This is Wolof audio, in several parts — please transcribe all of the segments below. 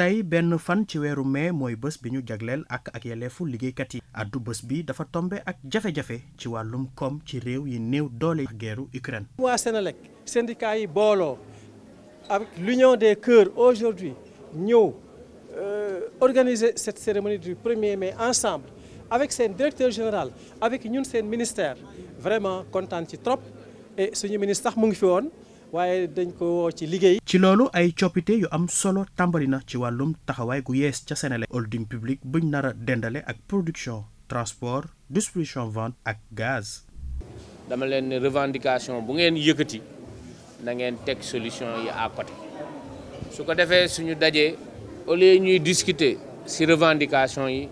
tey benn fan ci weeru mais mooy bés bi ñu jagleel ak ak yelleefu liggéeykat yi addu bés bi dafa tombe ak jafe-jafe ci wàllum koom ci réew yi néew doole geeru Ukraine waa Senelec syndicat yi booloo avec l'union des cœurs aujourd'hui ñëw euh, organiser cette cérémonie du premier mai ensemble avec seen directeur général avec ñun seen ministère vraiment kontaan ci trop Eh, suñu ministre sax mu ngi fi woon waaye dañ ko woo ci liggéey. ci loolu ay coppite yu am solo tàmbali na ci wàllum taxawaay gu yees ca Senelec holding public buñ nar a dendale ak production transport distribution vente ak gaz. dama leen ne revendication bu ngeen yëkkati na ngeen teg solution yi à côté su ko defee suñu dajee au lieu ñuy discuter ci revendication yi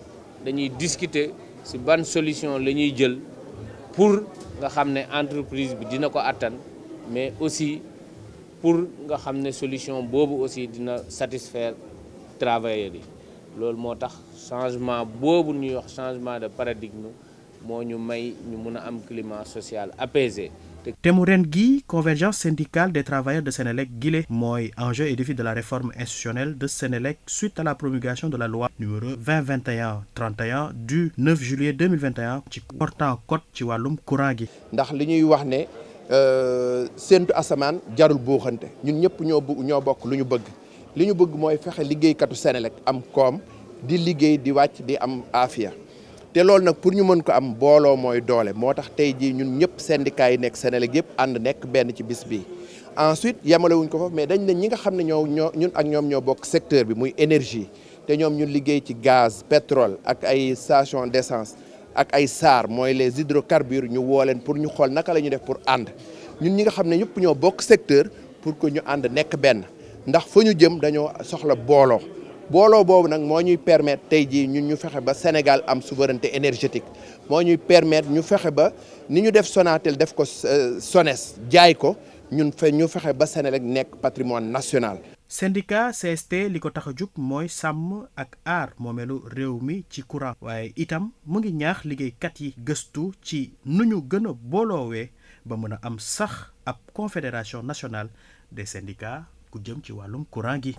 dañuy discuter ci ban solution la ñuy jël pour. nga xam ne entreprise bi dina ko attan mais aussi pour nga xam ne solution boobu aussi dina satisfaire travailleurs yi loolu moo tax changement boobu ñuy wax changement de paradigme moo ñu may ñu mun a am climat social apaisé temu ren gi convergence syndicale des travailleurs de Sénélec gile mooy enjeu et défi de la réforme institutionnelle de Sénélec suite à la promulgation de la loi numéro 2021 31 du 9 juillet 2021 ci portant code ci wàllum courant gi ndax li ñuy wax ne euh, séentu asamaan jarul buuxante ñun ñëpp ñoo ñoo bokk lu ñu bëgg li ñu bëgg mooy fexe liggéeykatu Sénélec am koom di liggéey di wàcc di am aafiya te loolu nag pour ñu mën ko am booloo mooy doole moo tax tey jii ñun ñëpp syndicat yi nekk Senelec yëpp ànd nekk benn ci bis bi ensuite yamale wuñ ko foofu mais dañ ne ñi nga xam ne ñoo ñoo ñun ak ñoom ñoo bokk secteur bi muy énergie te ñoom ñun liggéey ci gaz pétrole ak ay station d'essence ak ay SAR mooy les hydrocarbures ñu woo leen pour ñu xool naka la ñu def pour ànd ñun ñi nga xam ne ñëpp ñoo bokk secteur pour que ñu ànd nekk benn ndax fa ñu jëm dañoo soxla booloo. booloo boobu nag moo ñuy permettre tey jii ñun ñu fexe ba Sénégal am souveraineté énergétique moo ñuy permettre ñu fexe ba ni ñu def Sonatel def ko euh, SONES jaay ko ñun fe ñu fexe ba Sénélec nekk patrimoine national. syndicat CST li ko tax a jug mooy sàmm ak aar moomeelu réew mi ci courant. waaye itam mu ngi ñaax liggéeykat yi gëstu ci nu ñu gën a booloowee ba mën a am sax ab confédération nationale des syndicats ku jëm ci wàllum courant gi.